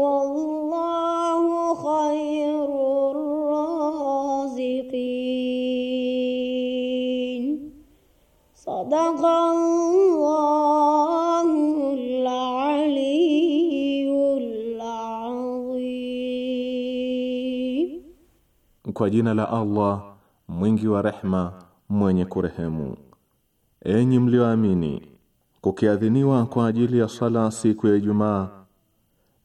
wallahu khairur raziqin. Sadaqallahul aliyyul azim. Kwa jina la Allah mwingi wa rehma mwenye kurehemu. Enyi mlioamini, kukiadhiniwa kwa ajili ya sala siku ya Ijumaa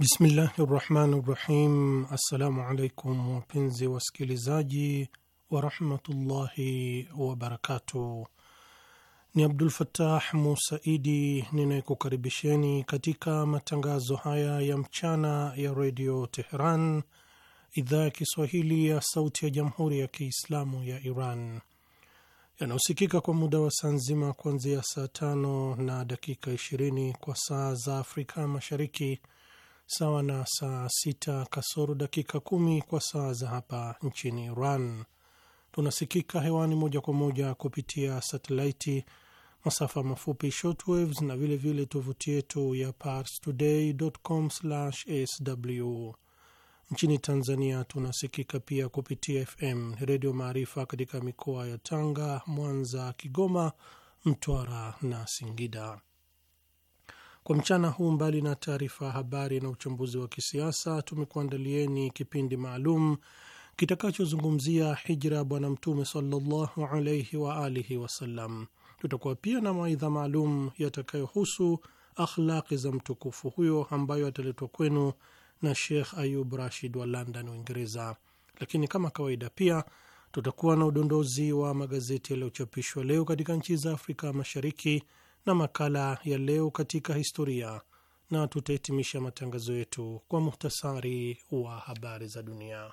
Bismillahi rahmani rahim. Assalamu alaikum wapenzi wasikilizaji warahmatullahi wabarakatuh. Ni Abdul fatah Musaidi ninayekukaribisheni katika matangazo haya ya mchana ya redio Teheran, idhaa ya Kiswahili ya sauti ya jamhuri ya Kiislamu ya Iran yanayosikika kwa muda wa saa nzima kuanzia saa tano na dakika 20 kwa saa za Afrika Mashariki, sawa na saa sita kasoro dakika kumi kwa saa za hapa nchini Iran. Tunasikika hewani moja kwa moja kupitia satelaiti, masafa mafupi shotwave na vilevile tovuti yetu ya pars parstoday.com/sw. Nchini Tanzania tunasikika pia kupitia FM Redio Maarifa katika mikoa ya Tanga, Mwanza, Kigoma, Mtwara na Singida. Kwa mchana huu, mbali na taarifa ya habari na uchambuzi wa kisiasa, tumekuandalieni kipindi maalum kitakachozungumzia hijra Bwana Mtume sallallahu alaihi wa alihi wasallam. Tutakuwa pia na mawaidha maalum yatakayohusu akhlaqi za mtukufu huyo ambayo ataletwa kwenu na Sheikh Ayub Rashid wa London, Uingereza. Lakini kama kawaida, pia tutakuwa na udondozi wa magazeti yaliyochapishwa leo katika nchi za Afrika Mashariki na makala ya leo katika historia, na tutahitimisha matangazo yetu kwa muhtasari wa habari za dunia.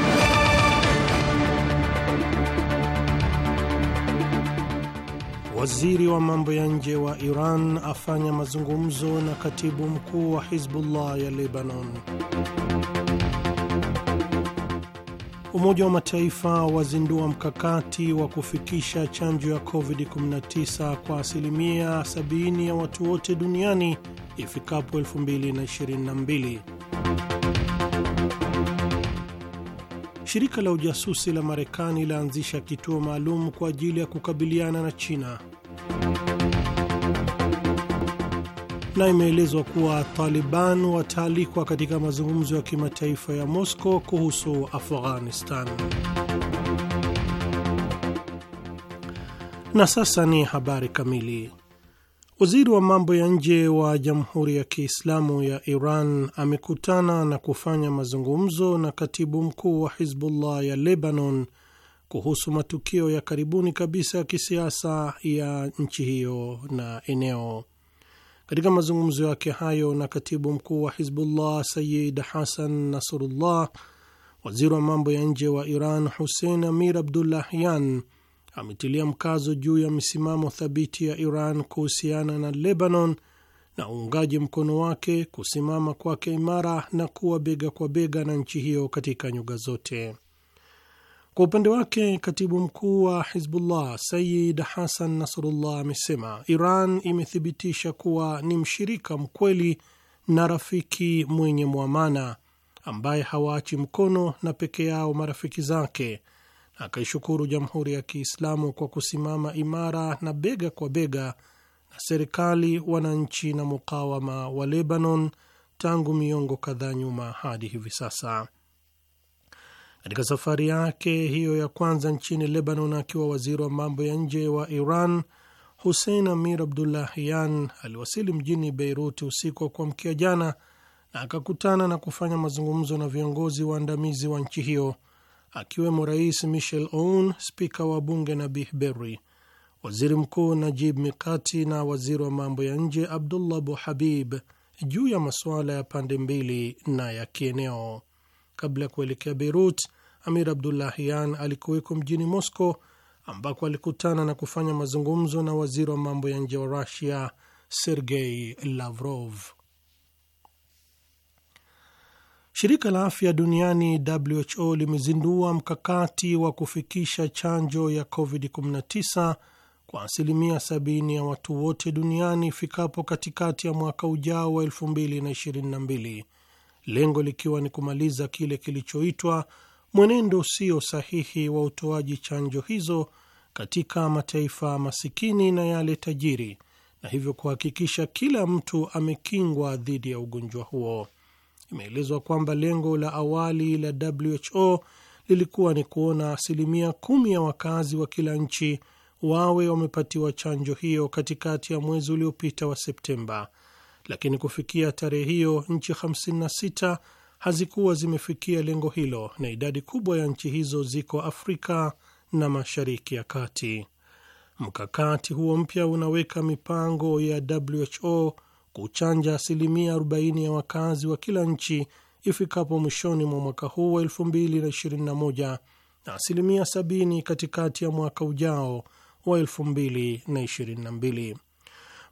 Waziri wa mambo ya nje wa Iran afanya mazungumzo na katibu mkuu wa Hizbullah ya Lebanon. Umoja wa Mataifa wazindua mkakati wa kufikisha chanjo ya COVID-19 kwa asilimia 70 ya watu wote duniani ifikapo 2022. Shirika la ujasusi la Marekani laanzisha kituo maalum kwa ajili ya kukabiliana na China. Na imeelezwa kuwa Taliban wataalikwa katika mazungumzo ya kimataifa ya Moscow kuhusu Afghanistan. Na sasa ni habari kamili. Waziri wa mambo ya nje wa Jamhuri ya Kiislamu ya Iran amekutana na kufanya mazungumzo na katibu mkuu wa Hizbullah ya Lebanon kuhusu matukio ya karibuni kabisa ya kisiasa ya nchi hiyo na eneo. Katika mazungumzo yake hayo na katibu mkuu wa Hizbullah Sayid Hasan Nasrullah, waziri wa mambo ya nje wa Iran Hussein Amir Abdullahyan ametilia mkazo juu ya misimamo thabiti ya Iran kuhusiana na Lebanon na uungaji mkono wake kusimama kwake imara na kuwa bega kwa bega na nchi hiyo katika nyuga zote. Kwa upande wake, katibu mkuu wa Hizbullah Sayid Hasan Nasrullah amesema Iran imethibitisha kuwa ni mshirika mkweli na rafiki mwenye mwamana ambaye hawaachi mkono na peke yao marafiki zake akaishukuru Jamhuri ya Kiislamu kwa kusimama imara na bega kwa bega na serikali, wananchi na mukawama wa Lebanon tangu miongo kadhaa nyuma hadi hivi sasa. Katika safari yake hiyo ya kwanza nchini Lebanon akiwa waziri wa mambo ya nje wa Iran, Hussein Amir Abdullahian aliwasili mjini beirut usiku wa kuamkia jana na akakutana na kufanya mazungumzo na viongozi waandamizi wa nchi hiyo akiwemo Rais Michel Aoun, spika wa bunge Nabih Berri, waziri mkuu Najib Mikati na waziri wa mambo ya nje Abdullah Buhabib juu ya masuala ya pande mbili na ya kieneo. Kabla ya kuelekea Beirut, Amir Abdullahian alikuweko mjini Moscow ambako alikutana na kufanya mazungumzo na waziri wa mambo ya nje wa Rusia Sergei Lavrov. Shirika la Afya Duniani WHO limezindua mkakati wa kufikisha chanjo ya COVID-19 kwa asilimia 70 ya watu wote duniani ifikapo katikati ya mwaka ujao wa 2022, lengo likiwa ni kumaliza kile kilichoitwa mwenendo usio sahihi wa utoaji chanjo hizo katika mataifa masikini na yale tajiri, na hivyo kuhakikisha kila mtu amekingwa dhidi ya ugonjwa huo. Imeelezwa kwamba lengo la awali la WHO lilikuwa ni kuona asilimia kumi ya wakazi wa kila nchi wawe wamepatiwa chanjo hiyo katikati ya mwezi uliopita wa Septemba, lakini kufikia tarehe hiyo nchi 56 hazikuwa zimefikia lengo hilo, na idadi kubwa ya nchi hizo ziko Afrika na Mashariki ya Kati. Mkakati huo mpya unaweka mipango ya WHO kuchanja asilimia 40 ya wakazi wa kila nchi ifikapo mwishoni mwa mwaka huu wa 2021 na asilimia 70 katikati ya mwaka ujao wa 2022.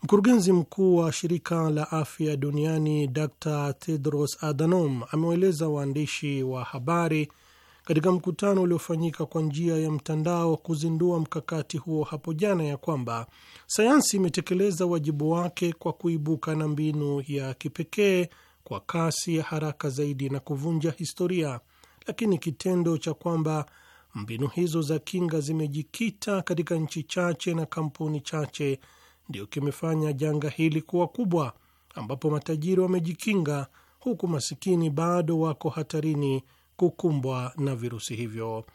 Mkurugenzi mkuu wa shirika la afya duniani Dr Tedros Adhanom amewaeleza waandishi wa habari katika mkutano uliofanyika kwa njia ya mtandao kuzindua mkakati huo hapo jana, ya kwamba sayansi imetekeleza wajibu wake kwa kuibuka na mbinu ya kipekee kwa kasi ya haraka zaidi na kuvunja historia, lakini kitendo cha kwamba mbinu hizo za kinga zimejikita katika nchi chache na kampuni chache ndiyo kimefanya janga hili kuwa kubwa, ambapo matajiri wamejikinga huku masikini bado wako hatarini kukumbwa na virusi hivyo.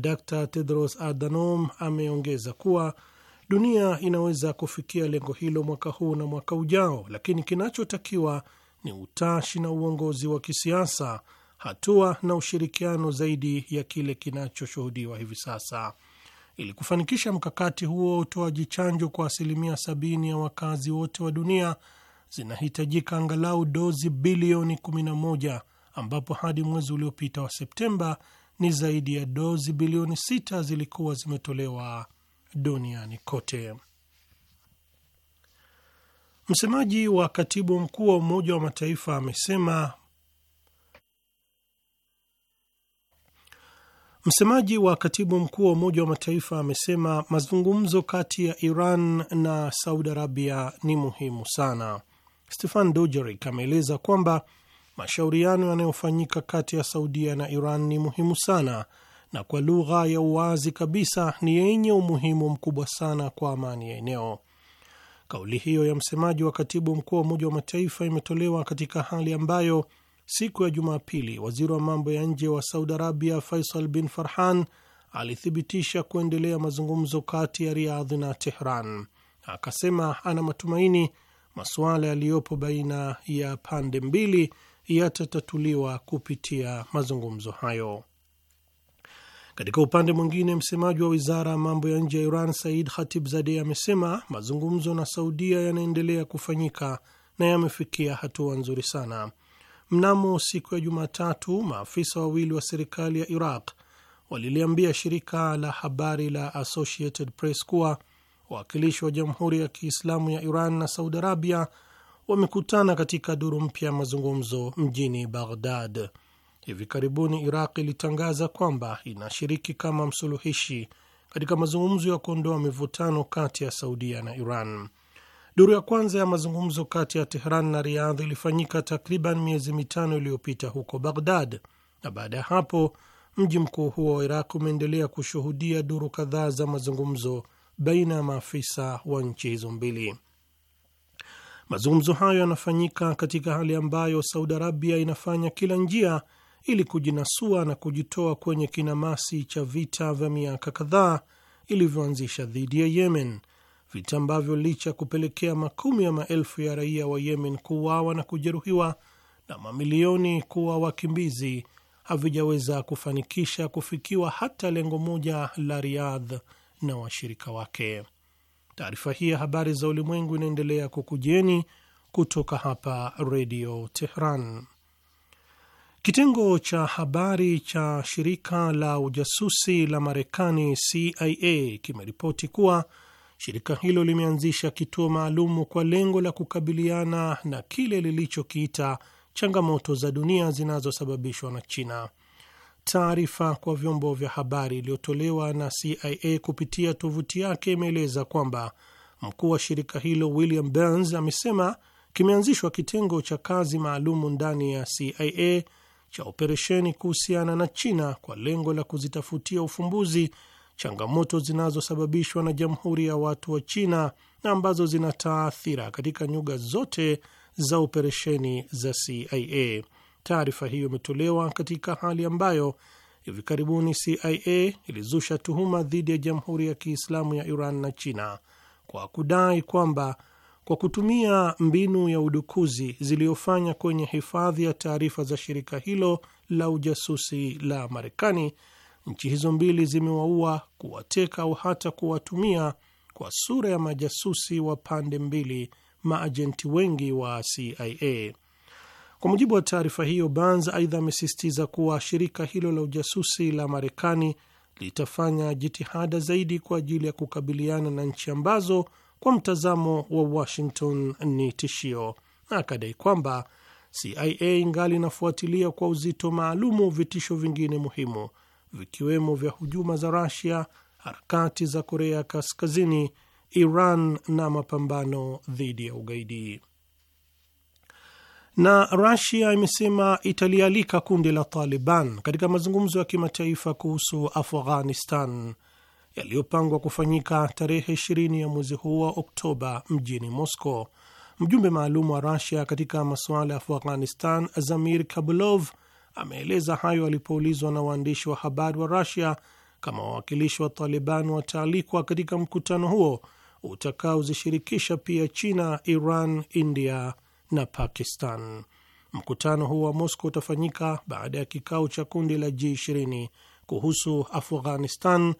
Dr Tedros Adhanom ameongeza kuwa dunia inaweza kufikia lengo hilo mwaka huu na mwaka ujao, lakini kinachotakiwa ni utashi na uongozi wa kisiasa, hatua na ushirikiano zaidi ya kile kinachoshuhudiwa hivi sasa. Ili kufanikisha mkakati huo, utoaji chanjo kwa asilimia sabini ya wakazi wote wa dunia zinahitajika angalau dozi bilioni moja ambapo hadi mwezi uliopita wa Septemba ni zaidi ya dozi bilioni sita zilikuwa zimetolewa duniani kote. Msemaji wa katibu mkuu wa Umoja wa Mataifa amesema Msemaji wa katibu mkuu wa Umoja wa Mataifa amesema mazungumzo kati ya Iran na Saudi Arabia ni muhimu sana. Stefan Dujarric ameeleza kwamba mashauriano yanayofanyika kati ya Saudia na Iran ni muhimu sana na kwa lugha ya uwazi kabisa ni yenye umuhimu mkubwa sana kwa amani ya eneo. Kauli hiyo ya msemaji wa katibu mkuu wa Umoja wa Mataifa imetolewa katika hali ambayo siku ya Jumapili waziri wa mambo ya nje wa Saudi Arabia Faisal bin Farhan alithibitisha kuendelea mazungumzo kati ya Riyadh na Tehran, akasema ana matumaini masuala yaliyopo baina ya pande mbili yatatatuliwa kupitia mazungumzo hayo. Katika upande mwingine, msemaji wa wizara ya mambo ya nje ya Iran Said Khatibzadeh amesema mazungumzo na Saudia yanaendelea kufanyika na yamefikia hatua nzuri sana. Mnamo siku ya Jumatatu, maafisa wawili wa serikali ya Iraq waliliambia shirika la habari la Associated Press kuwa wawakilishi wa Jamhuri ya Kiislamu ya Iran na Saudi Arabia wamekutana katika duru mpya ya mazungumzo mjini Baghdad. Hivi karibuni Iraq ilitangaza kwamba inashiriki kama msuluhishi katika mazungumzo ya kuondoa mivutano kati ya Saudia na Iran. Duru ya kwanza ya mazungumzo kati ya Tehran na Riyadh ilifanyika takriban miezi mitano iliyopita huko Baghdad, na baada ya hapo mji mkuu huo wa Iraq umeendelea kushuhudia duru kadhaa za mazungumzo baina ya maafisa wa nchi hizo mbili. Mazungumzo hayo yanafanyika katika hali ambayo Saudi Arabia inafanya kila njia ili kujinasua na kujitoa kwenye kinamasi cha vita vya miaka kadhaa ilivyoanzisha dhidi ya Yemen, vita ambavyo licha ya kupelekea makumi ya maelfu ya raia wa Yemen kuuawa na kujeruhiwa na mamilioni kuwa wakimbizi havijaweza kufanikisha kufikiwa hata lengo moja la Riyadh na washirika wake. Taarifa hii ya habari za ulimwengu inaendelea kukujeni kutoka hapa Redio Tehran. Kitengo cha habari cha shirika la ujasusi la Marekani CIA kimeripoti kuwa shirika hilo limeanzisha kituo maalumu kwa lengo la kukabiliana na kile lilichokiita changamoto za dunia zinazosababishwa na China. Taarifa kwa vyombo vya habari iliyotolewa na CIA kupitia tovuti yake imeeleza kwamba mkuu wa shirika hilo William Burns amesema kimeanzishwa kitengo cha kazi maalumu ndani ya CIA cha operesheni kuhusiana na China kwa lengo la kuzitafutia ufumbuzi changamoto zinazosababishwa na Jamhuri ya Watu wa China na ambazo zinataathira katika nyuga zote za operesheni za CIA. Taarifa hiyo imetolewa katika hali ambayo hivi karibuni CIA ilizusha tuhuma dhidi ya Jamhuri ya Kiislamu ya Iran na China kwa kudai kwamba kwa kutumia mbinu ya udukuzi ziliyofanya kwenye hifadhi ya taarifa za shirika hilo la ujasusi la Marekani, nchi hizo mbili zimewaua, kuwateka au hata kuwatumia kwa sura ya majasusi wa pande mbili maajenti wengi wa CIA. Kwa mujibu wa taarifa hiyo, Burns aidha amesisitiza kuwa shirika hilo la ujasusi la Marekani litafanya jitihada zaidi kwa ajili ya kukabiliana na nchi ambazo kwa mtazamo wa Washington ni tishio, na akadai kwamba CIA ingali inafuatilia kwa uzito maalumu vitisho vingine muhimu vikiwemo vya hujuma za rasia harakati za Korea Kaskazini, Iran na mapambano dhidi ya ugaidi na Rasia imesema italialika kundi la Taliban katika mazungumzo ya kimataifa kuhusu Afghanistan yaliyopangwa kufanyika tarehe 20 ya mwezi huu wa Oktoba mjini Moscow. Mjumbe maalum wa Rasia katika masuala ya Afghanistan, Zamir Kabulov, ameeleza hayo alipoulizwa na waandishi wa habari wa Rasia kama wawakilishi wa Taliban wataalikwa katika mkutano huo utakaozishirikisha pia China, Iran, India na Pakistan. Mkutano huo wa Moscow utafanyika baada ya kikao cha kundi la G20 kuhusu Afghanistan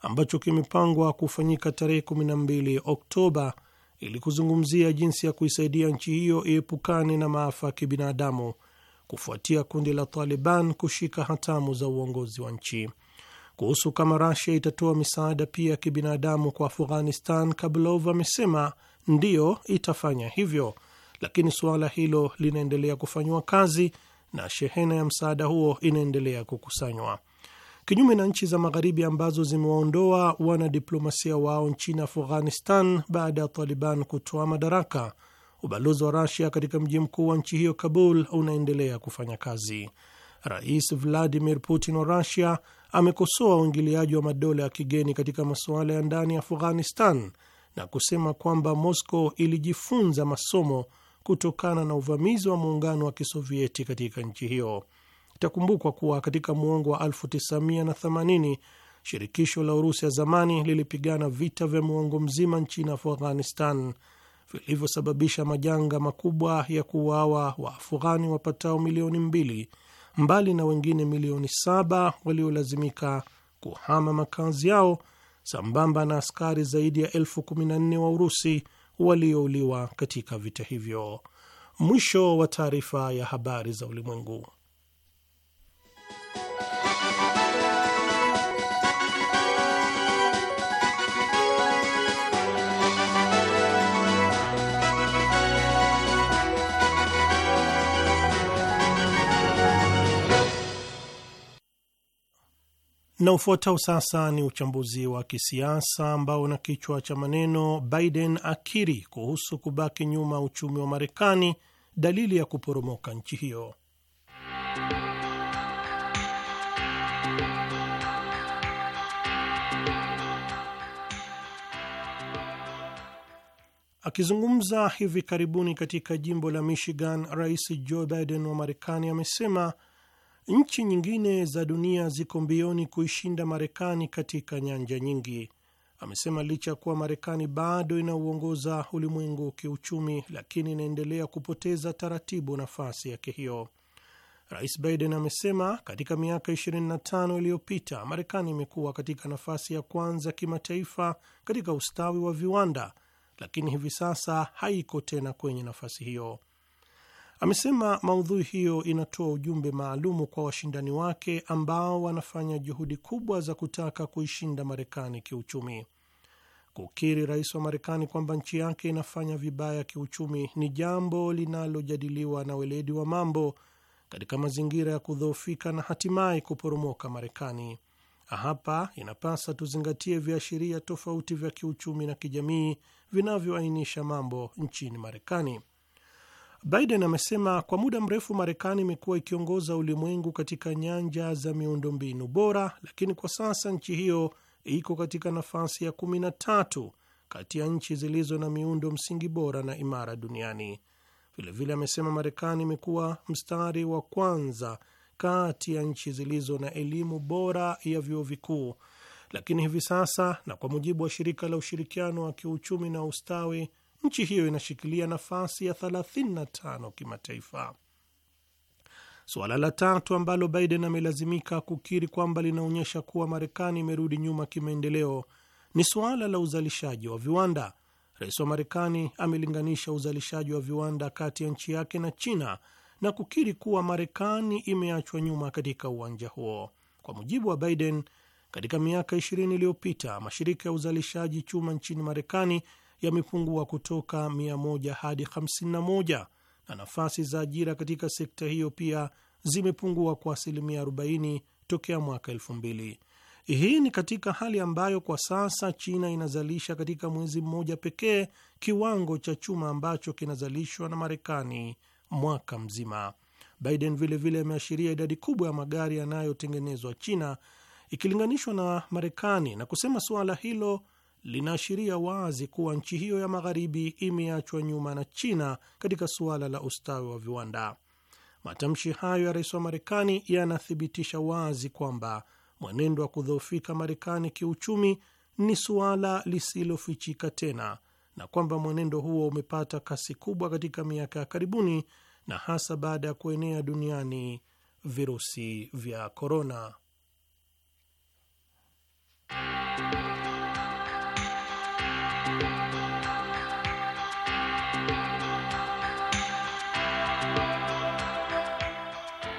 ambacho kimepangwa kufanyika tarehe 12 Oktoba ili kuzungumzia jinsi ya kuisaidia nchi hiyo iepukane na maafa ya kibinadamu kufuatia kundi la Taliban kushika hatamu za uongozi wa nchi. Kuhusu kama Rasia itatoa misaada pia ya kibinadamu kwa Afghanistan, Kabulov amesema ndiyo, itafanya hivyo lakini suala hilo linaendelea kufanyiwa kazi na shehena ya msaada huo inaendelea kukusanywa. Kinyume na nchi za Magharibi ambazo zimewaondoa wanadiplomasia wao nchini Afghanistan baada ya Taliban kutoa madaraka, ubalozi wa Rasia katika mji mkuu wa nchi hiyo Kabul unaendelea kufanya kazi. Rais Vladimir Putin wa Rasia amekosoa uingiliaji wa madola ya kigeni katika masuala ya ndani ya Afghanistan na kusema kwamba Moscow ilijifunza masomo kutokana na uvamizi wa muungano wa kisovieti katika nchi hiyo. Itakumbukwa kuwa katika muongo wa 1980 shirikisho la Urusi ya zamani lilipigana vita vya muongo mzima nchini Afghanistan vilivyosababisha majanga makubwa ya kuuawa Afghani wapatao milioni mbili mbali na wengine milioni saba waliolazimika kuhama makazi yao sambamba na askari zaidi ya elfu kumi na nne wa Urusi waliouliwa katika vita hivyo. Mwisho wa taarifa ya habari za ulimwengu. Na ufuatao sasa ni uchambuzi wa kisiasa ambao na kichwa cha maneno Biden akiri kuhusu kubaki nyuma uchumi wa Marekani, dalili ya kuporomoka nchi hiyo. Akizungumza hivi karibuni katika jimbo la Michigan, Rais Joe Biden wa Marekani amesema Nchi nyingine za dunia ziko mbioni kuishinda Marekani katika nyanja nyingi, amesema. Licha ya kuwa Marekani bado inauongoza ulimwengu kiuchumi, lakini inaendelea kupoteza taratibu nafasi yake hiyo. Rais Biden amesema katika miaka 25 iliyopita Marekani imekuwa katika nafasi ya kwanza kimataifa katika ustawi wa viwanda, lakini hivi sasa haiko tena kwenye nafasi hiyo. Amesema maudhui hiyo inatoa ujumbe maalumu kwa washindani wake ambao wanafanya juhudi kubwa za kutaka kuishinda Marekani kiuchumi. Kukiri rais wa Marekani kwamba nchi yake inafanya vibaya kiuchumi ni jambo linalojadiliwa na weledi wa mambo katika mazingira ya kudhoofika na hatimaye kuporomoka Marekani. Hapa inapasa tuzingatie viashiria tofauti vya kiuchumi na kijamii vinavyoainisha mambo nchini Marekani. Biden amesema kwa muda mrefu Marekani imekuwa ikiongoza ulimwengu katika nyanja za miundombinu bora, lakini kwa sasa nchi hiyo iko katika nafasi ya tatu kati ya nchi zilizo na miundo msingi bora na imara duniani. Vilevile amesema Marekani imekuwa mstari wa kwanza kati ya nchi zilizo na elimu bora ya vyuo vikuu, lakini hivi sasa, na kwa mujibu wa shirika la ushirikiano wa kiuchumi na ustawi nchi hiyo inashikilia nafasi ya 35 kimataifa. Suala la tatu ambalo Biden amelazimika kukiri kwamba linaonyesha kuwa Marekani imerudi nyuma kimaendeleo ni suala la uzalishaji wa viwanda. Rais wa Marekani amelinganisha uzalishaji wa viwanda kati ya nchi yake na China na kukiri kuwa Marekani imeachwa nyuma katika uwanja huo. Kwa mujibu wa Biden, katika miaka 20 iliyopita mashirika ya uzalishaji chuma nchini Marekani yamepungua kutoka 100 hadi 51 na nafasi za ajira katika sekta hiyo pia zimepungua kwa asilimia 40 tokea mwaka 2000. Hii ni katika hali ambayo kwa sasa China inazalisha katika mwezi mmoja pekee kiwango cha chuma ambacho kinazalishwa na Marekani mwaka mzima. Biden vilevile ameashiria vile idadi kubwa ya magari yanayotengenezwa China ikilinganishwa na Marekani na kusema suala hilo linaashiria wazi kuwa nchi hiyo ya magharibi imeachwa nyuma na China katika suala la ustawi wa viwanda. Matamshi hayo ya rais wa Marekani yanathibitisha wazi kwamba mwenendo wa kudhoofika Marekani kiuchumi ni suala lisilofichika tena na kwamba mwenendo huo umepata kasi kubwa katika miaka ya karibuni na hasa baada ya kuenea duniani virusi vya korona.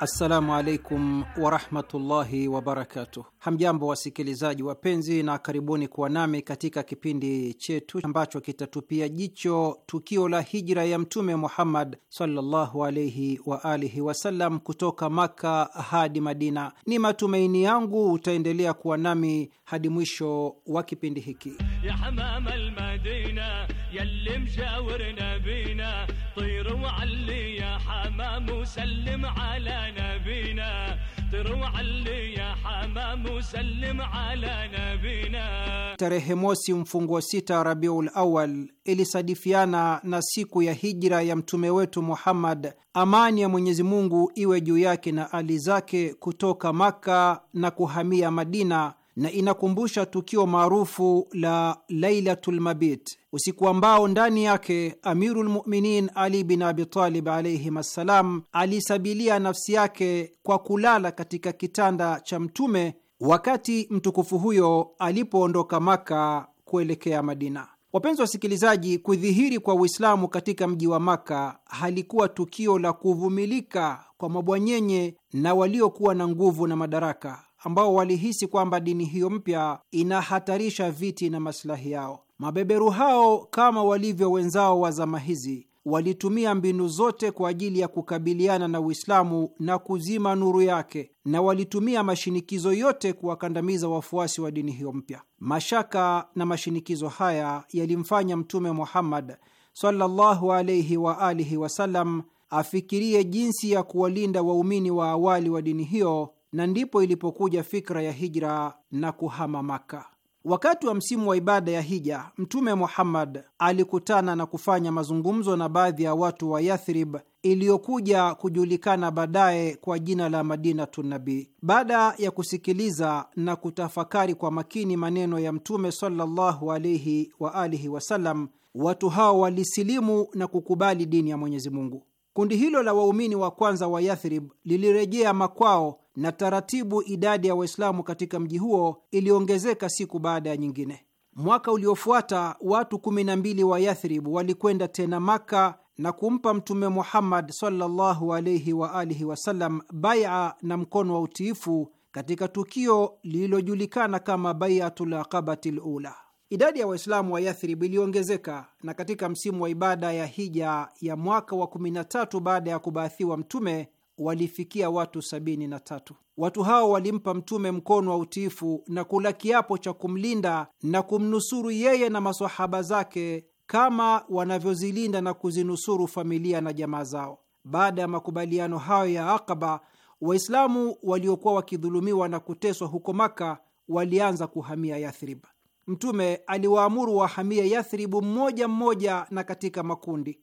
Assalamu alaikum warahmatullahi wabarakatuh. Hamjambo wasikilizaji wapenzi, na karibuni kuwa nami katika kipindi chetu ambacho kitatupia jicho tukio la hijra ya Mtume Muhammad sallallahu alaihi wa alihi wasallam kutoka Makka hadi Madina. Ni matumaini yangu utaendelea kuwa nami hadi mwisho wa kipindi hiki ya طير وعلي يا حمام وسلم على نبينا طير وعلي يا حمام وسلم على نبينا. Tarehe mosi mfunguo sita Rabiul Awal ilisadifiana na siku ya hijra ya mtume wetu Muhammad, amani ya Mwenyezi Mungu iwe juu yake na ali zake, kutoka Makka na kuhamia Madina na inakumbusha tukio maarufu la Lailatul Mabit, usiku ambao ndani yake Amirul Muminin Ali bin Abitalib alaihim assalam alisabilia nafsi yake kwa kulala katika kitanda cha Mtume wakati mtukufu huyo alipoondoka Maka kuelekea Madina. Wapenzi wasikilizaji, kudhihiri kwa Uislamu katika mji wa Maka halikuwa tukio la kuvumilika kwa mabwanyenye na waliokuwa na nguvu na madaraka ambao walihisi kwamba dini hiyo mpya inahatarisha viti na masilahi yao. Mabeberu hao kama walivyo wenzao wa zama hizi walitumia mbinu zote kwa ajili ya kukabiliana na Uislamu na kuzima nuru yake, na walitumia mashinikizo yote kuwakandamiza wafuasi wa dini hiyo mpya. Mashaka na mashinikizo haya yalimfanya Mtume Muhammad sallallahu wa alihi wasallam afikirie jinsi ya kuwalinda waumini wa awali wa dini hiyo na ndipo ilipokuja fikra ya hijra na kuhama Maka. Wakati wa msimu wa ibada ya hija, Mtume Muhammad alikutana na kufanya mazungumzo na baadhi ya watu wa Yathrib iliyokuja kujulikana baadaye kwa jina la Madinatu Nabii. Baada ya kusikiliza na kutafakari kwa makini maneno ya Mtume sallallahu alaihi wa alihi wasallam, watu hao walisilimu na kukubali dini ya Mwenyezi Mungu. Kundi hilo la waumini wa kwanza wa Yathrib lilirejea makwao na taratibu idadi ya Waislamu katika mji huo iliongezeka siku baada ya nyingine. Mwaka uliofuata watu kumi na mbili wa Yathrib walikwenda tena Maka na kumpa Mtume Muhammad sallallahu alaihi wa alihi wasallam baia na mkono wa utiifu katika tukio lililojulikana kama Baiatul Aqabati Lula. Idadi ya Waislamu wa Yathrib iliongezeka na katika msimu wa ibada ya hija ya mwaka wa 13 baada ya kubaathiwa Mtume walifikia watu sabini na tatu. Watu hao walimpa Mtume mkono wa utiifu na kula kiapo cha kumlinda na kumnusuru yeye na masahaba zake kama wanavyozilinda na kuzinusuru familia na jamaa zao. Baada ya makubaliano hayo ya Akaba, Waislamu waliokuwa wakidhulumiwa na kuteswa huko Maka walianza kuhamia Yathrib. Mtume aliwaamuru wahamie Yathribu mmoja mmoja na katika makundi,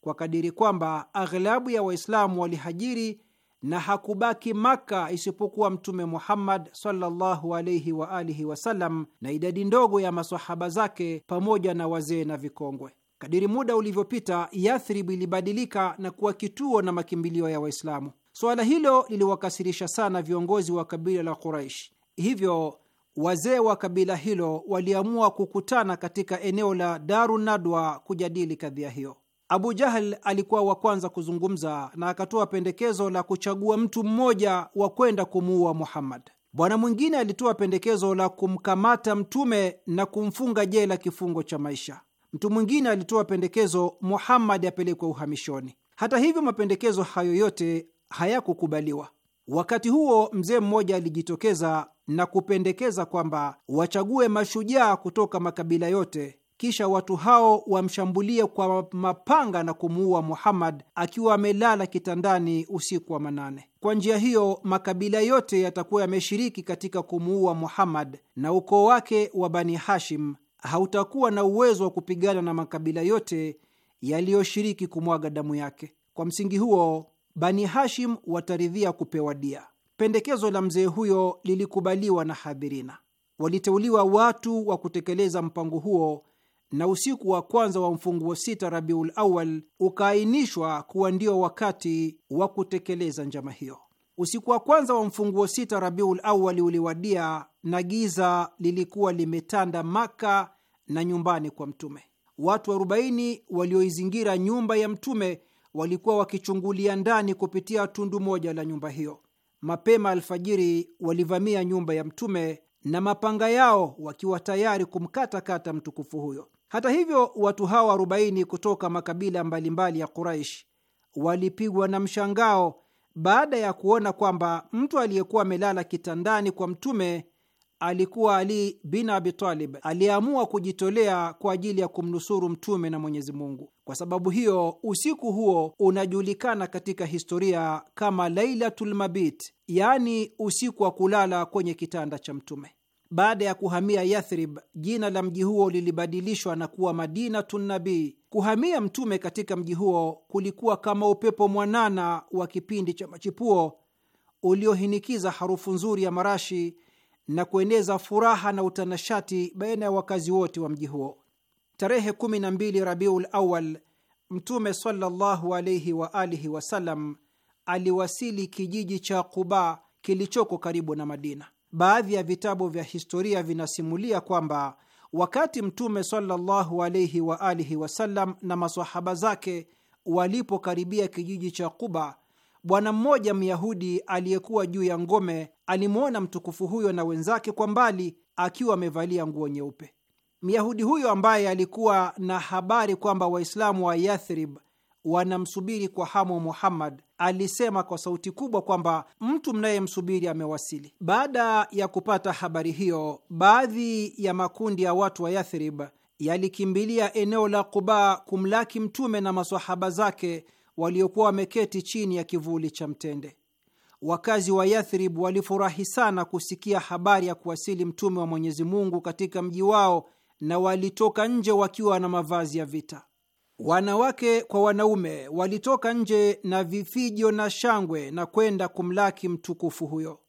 kwa kadiri kwamba aghlabu ya Waislamu walihajiri na hakubaki Maka isipokuwa Mtume Muhammad sallallahu alaihi wa alihi wasallam na idadi ndogo ya masahaba zake pamoja na wazee na vikongwe. Kadiri muda ulivyopita, Yathrib ilibadilika na kuwa kituo na makimbilio ya Waislamu. Suala hilo liliwakasirisha sana viongozi wa kabila la Quraishi, hivyo wazee wa kabila hilo waliamua kukutana katika eneo la Daru Nadwa kujadili kadhia hiyo. Abu Jahal alikuwa wa kwanza kuzungumza na akatoa pendekezo la kuchagua mtu mmoja wa kwenda kumuua Muhammad. Bwana mwingine alitoa pendekezo la kumkamata Mtume na kumfunga jela kifungo cha maisha. Mtu mwingine alitoa pendekezo Muhammad apelekwe uhamishoni. Hata hivyo, mapendekezo hayo yote hayakukubaliwa. Wakati huo mzee mmoja alijitokeza na kupendekeza kwamba wachague mashujaa kutoka makabila yote, kisha watu hao wamshambulie kwa mapanga na kumuua Muhammad akiwa amelala kitandani usiku wa manane. Kwa njia hiyo makabila yote yatakuwa yameshiriki katika kumuua Muhammad na ukoo wake wa Bani Hashim hautakuwa na uwezo wa kupigana na makabila yote yaliyoshiriki kumwaga damu yake. Kwa msingi huo Bani Hashim wataridhia kupewa dia. Pendekezo la mzee huyo lilikubaliwa na hadhirina. Waliteuliwa watu wa kutekeleza mpango huo, na usiku wa kwanza wa mfunguo sita Rabiul Awal ukaainishwa kuwa ndio wakati wa kutekeleza njama hiyo. Usiku wa kwanza wa mfunguo sita Rabiul Awali uliwadia na giza lilikuwa limetanda Maka na nyumbani kwa Mtume. Watu arobaini walioizingira nyumba ya Mtume walikuwa wakichungulia ndani kupitia tundu moja la nyumba hiyo. Mapema alfajiri walivamia nyumba ya Mtume na mapanga yao wakiwa tayari kumkatakata mtukufu huyo. Hata hivyo, watu hawa arobaini kutoka makabila mbalimbali ya Quraish walipigwa na mshangao baada ya kuona kwamba mtu aliyekuwa amelala kitandani kwa Mtume alikuwa Ali bin Abi Talib aliyeamua kujitolea kwa ajili ya kumnusuru Mtume na Mwenyezi Mungu. Kwa sababu hiyo usiku huo unajulikana katika historia kama Lailatul Mabit, yaani usiku wa kulala kwenye kitanda cha Mtume. Baada ya kuhamia Yathrib, jina la mji huo lilibadilishwa na kuwa Madinatun Nabii. Kuhamia Mtume katika mji huo kulikuwa kama upepo mwanana wa kipindi cha machipuo uliohinikiza harufu nzuri ya marashi na kueneza furaha na utanashati baina ya wakazi wote wa mji huo. Tarehe 12 Rabiul Awal, Mtume sallallahu alaihi wa alihi wasallam aliwasili kijiji cha Quba kilichoko karibu na Madina. Baadhi ya vitabu vya historia vinasimulia kwamba wakati Mtume sallallahu alaihi wa alihi wasallam na masahaba zake walipokaribia kijiji cha Quba, bwana mmoja Myahudi aliyekuwa juu ya ngome alimwona mtukufu huyo na wenzake kwa mbali akiwa amevalia nguo nyeupe. Myahudi huyo ambaye alikuwa na habari kwamba Waislamu wa Yathrib wanamsubiri kwa hamu Muhammad alisema kwa sauti kubwa kwamba mtu mnayemsubiri amewasili. Baada ya kupata habari hiyo, baadhi ya makundi ya watu wa Yathrib yalikimbilia eneo la Quba kumlaki Mtume na masahaba zake waliokuwa wameketi chini ya kivuli cha mtende. Wakazi wa Yathrib walifurahi sana kusikia habari ya kuwasili Mtume wa Mwenyezi Mungu katika mji wao na walitoka nje wakiwa na mavazi ya vita. Wanawake kwa wanaume walitoka nje na vifijo na shangwe na kwenda kumlaki mtukufu huyo.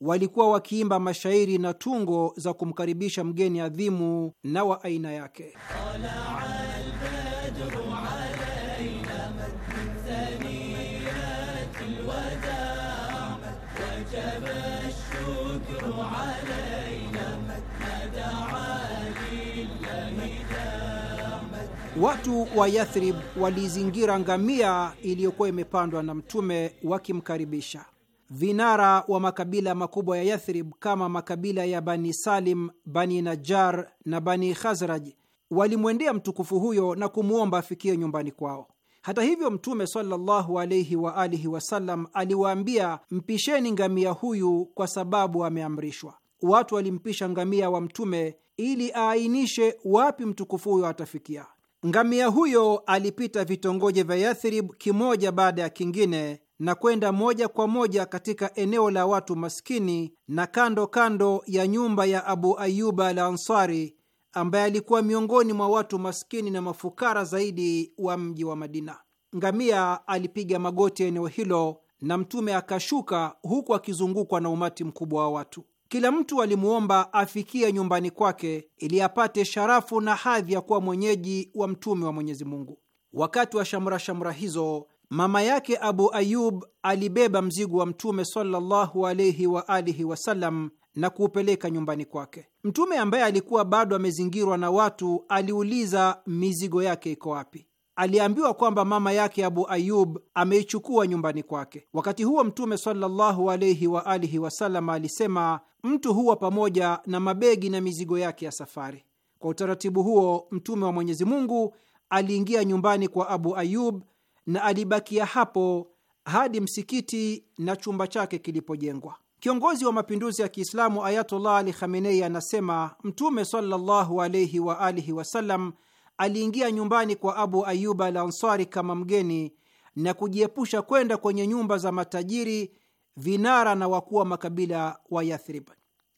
Walikuwa wakiimba mashairi na tungo za kumkaribisha mgeni adhimu na wa aina yake Watu wa Yathrib walizingira ngamia iliyokuwa imepandwa na Mtume wakimkaribisha. Vinara wa makabila makubwa ya Yathrib kama makabila ya Bani Salim, Bani Najjar na Bani Khazraj walimwendea mtukufu huyo na kumwomba afikie nyumbani kwao. Hata hivyo, Mtume sallallahu alaihi wa alihi wasallam aliwaambia, mpisheni ngamia huyu kwa sababu ameamrishwa. Watu walimpisha ngamia wa Mtume ili aainishe wapi mtukufu huyo atafikia. Ngamia huyo alipita vitongoji vya Yathrib kimoja baada ya kingine na kwenda moja kwa moja katika eneo la watu maskini na kando kando ya nyumba ya Abu Ayuba al Ansari ambaye alikuwa miongoni mwa watu maskini na mafukara zaidi wa mji wa Madina. Ngamia alipiga magoti eneo hilo na Mtume akashuka huku akizungukwa na umati mkubwa wa watu. Kila mtu alimwomba afikie nyumbani kwake ili apate sharafu na hadhi ya kuwa mwenyeji wa mtume wa Mwenyezi Mungu. Wakati wa shamra shamra hizo, mama yake Abu Ayub alibeba mzigo wa mtume sallallahu alayhi wa alihi wasallam na kuupeleka nyumbani kwake. Mtume ambaye alikuwa bado amezingirwa na watu aliuliza mizigo yake iko wapi? aliambiwa kwamba mama yake Abu Ayub ameichukua nyumbani kwake. Wakati huo Mtume sallallahu alaihi wa alihi wasallam alisema, mtu huwa pamoja na mabegi na mizigo yake ya safari. Kwa utaratibu huo, Mtume wa Mwenyezi Mungu aliingia nyumbani kwa Abu Ayub na alibakia hapo hadi msikiti na chumba chake kilipojengwa. Kiongozi wa mapinduzi ya Kiislamu Ayatullah Ali Khamenei anasema Mtume sallallahu alaihi wa alihi wasallam aliingia nyumbani kwa Abu Ayuba al Ansari kama mgeni na kujiepusha kwenda kwenye nyumba za matajiri, vinara na wakuu wa makabila wa Yathrib.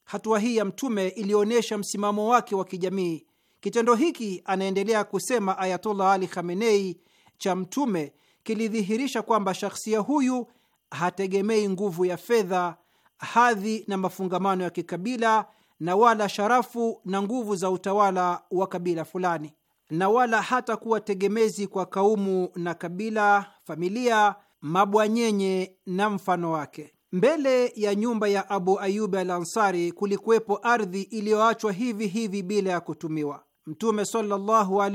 Hatua hii ya Mtume ilionyesha msimamo wake wa kijamii. Kitendo hiki, anaendelea kusema Ayatollah Ali Khamenei, cha Mtume kilidhihirisha kwamba shakhsia huyu hategemei nguvu ya fedha, hadhi na mafungamano ya kikabila, na wala sharafu na nguvu za utawala wa kabila fulani na wala hata kuwa tegemezi kwa kaumu na kabila, familia, mabwanyenye na mfano wake. Mbele ya nyumba ya Abu Ayubi al Ansari kulikuwepo ardhi iliyoachwa hivi hivi bila ya kutumiwa. Mtume sallallahu wa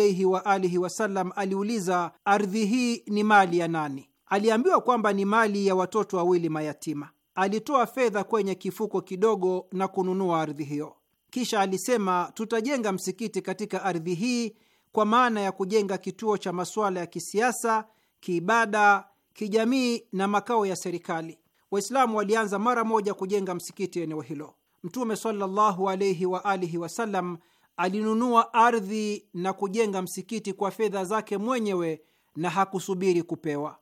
alihi wasallam aliuliza, ardhi hii ni mali ya nani? Aliambiwa kwamba ni mali ya watoto wawili mayatima. Alitoa fedha kwenye kifuko kidogo na kununua ardhi hiyo. Kisha alisema, tutajenga msikiti katika ardhi hii kwa maana ya kujenga kituo cha masuala ya kisiasa, kiibada, kijamii na makao ya serikali. Waislamu walianza mara moja kujenga msikiti eneo hilo. Mtume sallallahu alaihi wa alihi wasallam alinunua ardhi na kujenga msikiti kwa fedha zake mwenyewe na hakusubiri kupewa.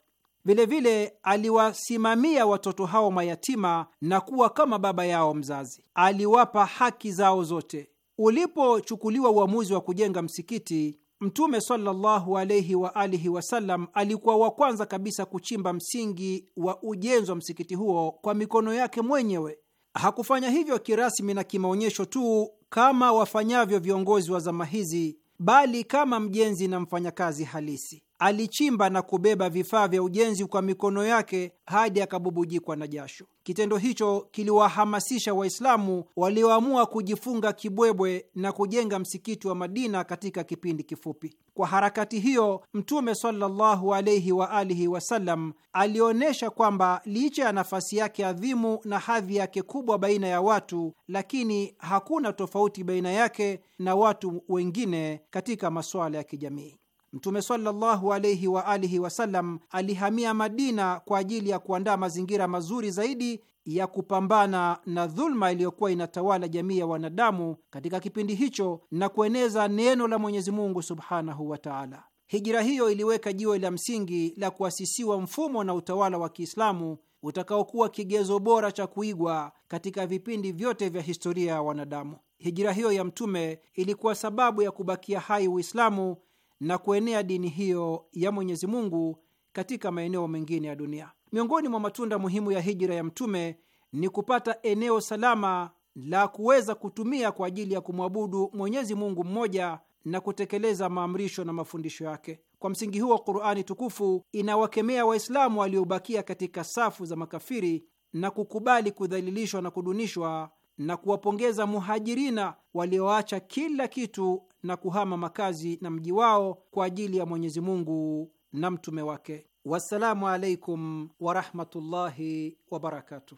Vilevile aliwasimamia watoto hao mayatima na kuwa kama baba yao mzazi, aliwapa haki zao zote. Ulipochukuliwa uamuzi wa kujenga msikiti, Mtume sallallahu alaihi wa alihi wasallam alikuwa wa kwanza kabisa kuchimba msingi wa ujenzi wa msikiti huo kwa mikono yake mwenyewe. Hakufanya hivyo kirasmi na kimaonyesho tu kama wafanyavyo viongozi wa zama hizi, bali kama mjenzi na mfanyakazi halisi alichimba na kubeba vifaa vya ujenzi kwa mikono yake hadi akabubujikwa na jasho. Kitendo hicho kiliwahamasisha Waislamu walioamua kujifunga kibwebwe na kujenga msikiti wa Madina katika kipindi kifupi. Kwa harakati hiyo, Mtume sallallahu alaihi wa alihi wasallam alionyesha kwamba licha ya nafasi yake adhimu na hadhi yake kubwa baina ya watu, lakini hakuna tofauti baina yake na watu wengine katika masuala ya kijamii. Mtume sallallahu alaihi wa alihi wasallam alihamia Madina kwa ajili ya kuandaa mazingira mazuri zaidi ya kupambana na dhulma iliyokuwa inatawala jamii ya wanadamu katika kipindi hicho na kueneza neno la Mwenyezi Mungu subhanahu wa taala. Hijira hiyo iliweka jiwe la msingi la kuasisiwa mfumo na utawala wa Kiislamu utakaokuwa kigezo bora cha kuigwa katika vipindi vyote vya historia ya wanadamu. Hijira hiyo ya Mtume ilikuwa sababu ya kubakia hai Uislamu na kuenea dini hiyo ya Mwenyezi Mungu katika maeneo mengine ya dunia. Miongoni mwa matunda muhimu ya hijira ya Mtume ni kupata eneo salama la kuweza kutumia kwa ajili ya kumwabudu Mwenyezi Mungu mmoja na kutekeleza maamrisho na mafundisho yake. Kwa msingi huo, Qurani tukufu inawakemea Waislamu waliobakia katika safu za makafiri na kukubali kudhalilishwa na kudunishwa na kuwapongeza Muhajirina walioacha kila kitu na kuhama makazi na mji wao kwa ajili ya Mwenyezi Mungu na mtume wake. Wassalamu alaikum warahmatullahi wabarakatuh.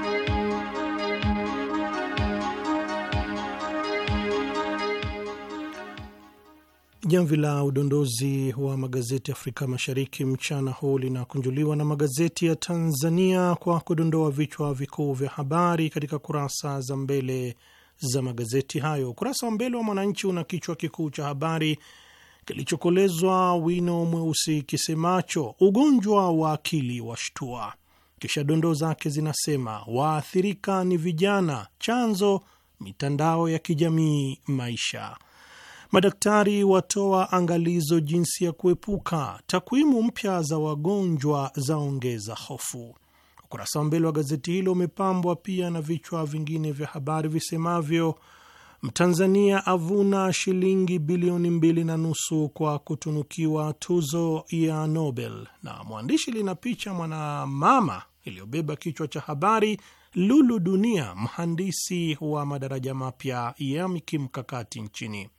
Jamvi la udondozi wa magazeti Afrika Mashariki mchana huu linakunjuliwa na magazeti ya Tanzania kwa kudondoa vichwa vikuu vya habari katika kurasa za mbele za magazeti hayo. Ukurasa wa mbele wa Mwananchi una kichwa kikuu cha habari kilichokolezwa wino mweusi kisemacho ugonjwa wa akili washtua, kisha dondoo zake zinasema waathirika ni vijana, chanzo mitandao ya kijamii, maisha Madaktari watoa angalizo jinsi ya kuepuka. Takwimu mpya za wagonjwa zaongeza hofu. Ukurasa wa mbele wa gazeti hilo umepambwa pia na vichwa vingine vya habari visemavyo: Mtanzania avuna shilingi bilioni mbili na nusu kwa kutunukiwa tuzo ya Nobel, na mwandishi lina picha mwanamama iliyobeba kichwa cha habari Lulu Dunia, mhandisi wa madaraja mapya ya kimkakati nchini.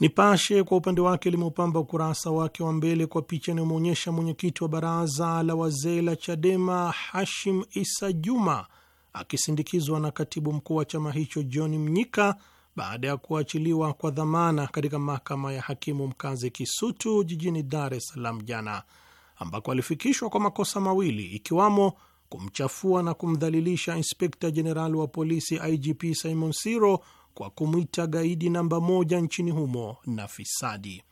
Nipashe kwa upande wake limeupamba ukurasa wake wa mbele kwa picha inayomwonyesha mwenyekiti wa baraza la wazee la Chadema Hashim Isa Juma akisindikizwa na katibu mkuu wa chama hicho John Mnyika baada ya kuachiliwa kwa dhamana katika mahakama ya hakimu mkazi Kisutu jijini Dar es Salaam jana, ambako alifikishwa kwa makosa mawili ikiwamo kumchafua na kumdhalilisha inspekta jenerali wa polisi IGP Simon Siro kwa kumwita gaidi namba moja nchini humo na fisadi.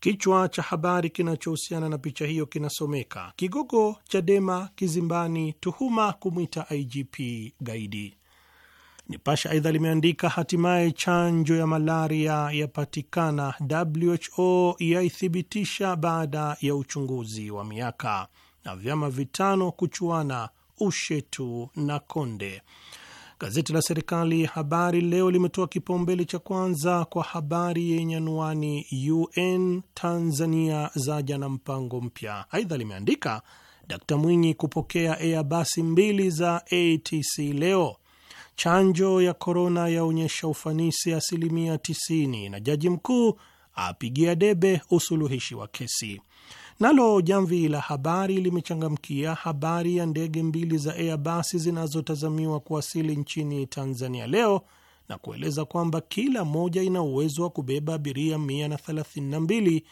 Kichwa cha habari kinachohusiana na picha hiyo kinasomeka kigogo Chadema kizimbani, tuhuma kumwita IGP gaidi. Nipasha aidha limeandika hatimaye chanjo ya malaria yapatikana, WHO yaithibitisha baada ya uchunguzi wa miaka, na vyama vitano kuchuana, Ushetu na Konde Gazeti la serikali Habari Leo limetoa kipaumbele cha kwanza kwa habari yenye anwani UN Tanzania zaja na mpango mpya. Aidha limeandika Dkt Mwinyi kupokea Airbasi mbili za ATC leo, chanjo ya korona yaonyesha ufanisi asilimia 90, na jaji mkuu apigia debe usuluhishi wa kesi. Nalo jamvi la habari limechangamkia habari ya ndege mbili za Airbus zinazotazamiwa kuwasili nchini Tanzania leo na kueleza kwamba kila moja ina uwezo wa kubeba abiria 132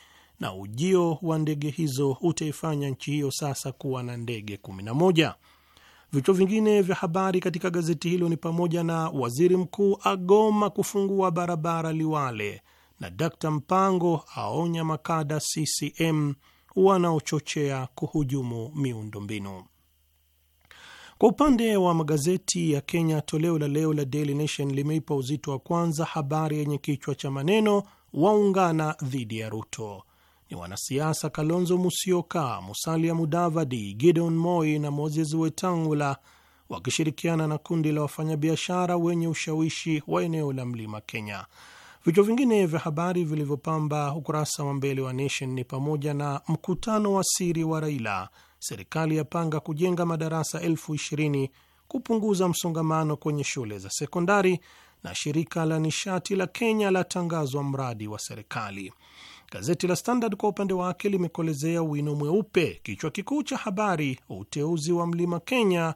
na ujio wa ndege hizo utaifanya nchi hiyo sasa kuwa na ndege 11. Vichwa vingine vya habari katika gazeti hilo ni pamoja na waziri mkuu agoma kufungua barabara Liwale na Dkt Mpango aonya makada CCM wanaochochea kuhujumu miundombinu. Kwa upande wa magazeti ya Kenya, toleo la leo la Daily Nation limeipa uzito wa kwanza habari yenye kichwa cha maneno waungana dhidi ya Ruto. Ni wanasiasa Kalonzo Musyoka, Musalia Mudavadi, Gideon Moi na Moses Wetangula wakishirikiana na kundi la wafanyabiashara wenye ushawishi wa eneo la mlima Kenya Vichwa vingine vya habari vilivyopamba ukurasa wa mbele wa Nation ni pamoja na mkutano wa siri wa Raila, serikali yapanga kujenga madarasa elfu ishirini kupunguza msongamano kwenye shule za sekondari, na shirika la nishati la Kenya latangazwa mradi wa serikali. Gazeti la Standard kwa upande wake limekolezea wino mweupe kichwa kikuu cha habari, uteuzi wa mlima Kenya,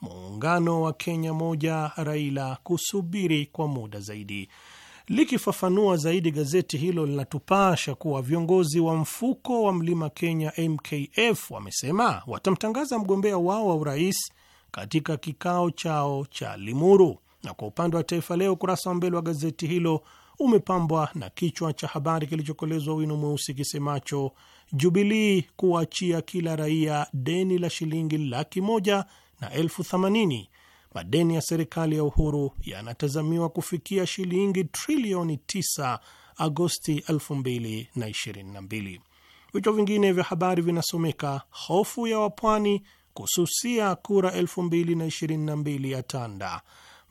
muungano wa Kenya moja, Raila kusubiri kwa muda zaidi. Likifafanua zaidi, gazeti hilo linatupasha kuwa viongozi wa mfuko wa mlima Kenya MKF wamesema watamtangaza mgombea wao wa urais katika kikao chao cha Limuru. Na kwa upande wa Taifa Leo, ukurasa wa mbele wa gazeti hilo umepambwa na kichwa cha habari kilichokolezwa wino mweusi kisemacho Jubilii kuachia kila raia deni la shilingi laki moja na elfu themanini madeni ya serikali ya Uhuru yanatazamiwa kufikia shilingi trilioni 9 Agosti 2022. Vichwa vingine vya habari vinasomeka: hofu ya wapwani kususia kura 2022 ya tanda,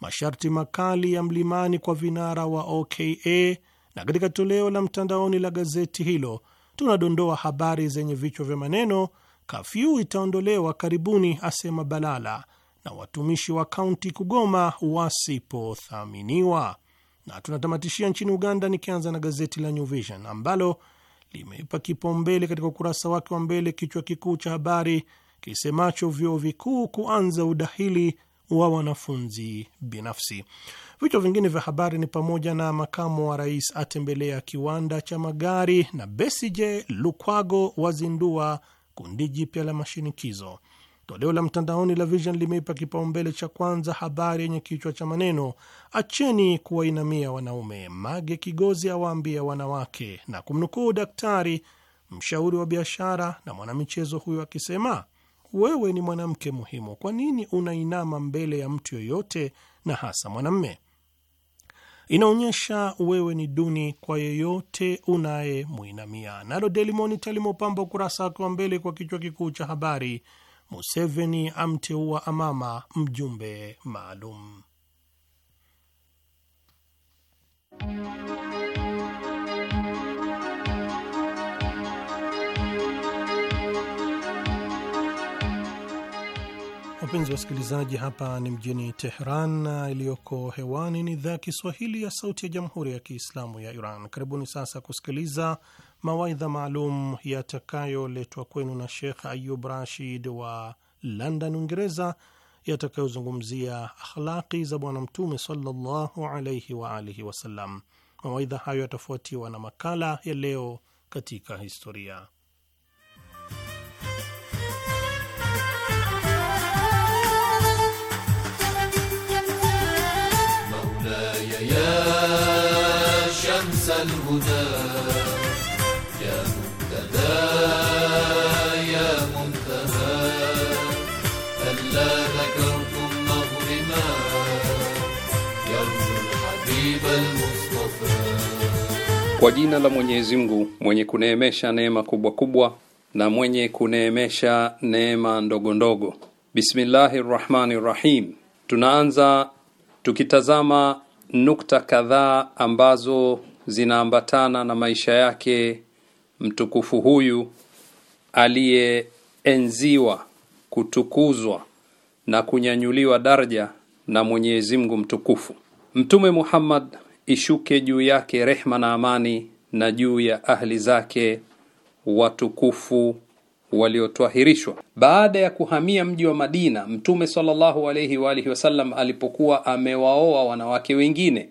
masharti makali ya mlimani kwa vinara wa OKA. Na katika toleo la mtandaoni la gazeti hilo tunadondoa habari zenye vichwa vya maneno: kafyu itaondolewa karibuni, asema Balala na watumishi wa kaunti kugoma wasipothaminiwa. Na tunatamatishia nchini Uganda, nikianza na gazeti la New Vision ambalo limeipa kipaumbele katika ukurasa wake wa mbele kichwa kikuu cha habari kisemacho vyuo vikuu kuanza udahili wa wanafunzi binafsi. Vichwa vingine vya habari ni pamoja na makamu wa rais atembelea kiwanda cha magari na Besigye Lukwago wazindua kundi jipya la mashinikizo. Toleo la mtandaoni la Vision limeipa kipaumbele cha kwanza habari yenye kichwa cha maneno acheni kuwainamia wanaume, Mage Kigozi awaambia wanawake, na kumnukuu daktari mshauri wa biashara na mwanamichezo huyo akisema, wewe ni mwanamke muhimu, kwa nini unainama mbele ya mtu yoyote na hasa mwanamme? Inaonyesha wewe ni duni kwa yeyote unayemwinamia. Nalo Daily Monitor ukurasa wake wa mbele kwa kichwa kikuu cha habari Museveni amteua Amama mjumbe maalum. Wapenzi wasikilizaji, hapa ni mjini Teheran na iliyoko hewani ni idhaa ya Kiswahili ya Sauti ya Jamhuri ya Kiislamu ya Iran. Karibuni sasa kusikiliza mawaidha maalum yatakayoletwa kwenu na Shekh Ayub Rashid wa London, Uingereza, yatakayozungumzia akhlaqi za Bwana Mtume sallallahu alaihi waalihi wasallam. Mawaidha hayo yatafuatiwa na makala ya leo katika historia. Maulaya ya shamsa alhuda Kwa jina la Mwenyezi Mungu mwenye kuneemesha neema kubwa kubwa na mwenye kuneemesha neema ndogo ndogo. Bismillahi Rahmanir Rahim. Tunaanza tukitazama nukta kadhaa ambazo zinaambatana na maisha yake mtukufu huyu aliyeenziwa, kutukuzwa na kunyanyuliwa daraja na Mwenyezi Mungu mtukufu. Mtume Muhammad ishuke juu yake rehma na amani na juu ya ahli zake watukufu waliotwahirishwa. Baada ya kuhamia mji wa Madina, Mtume sallallahu alayhi wa alihi wasallam alipokuwa amewaoa wanawake wengine,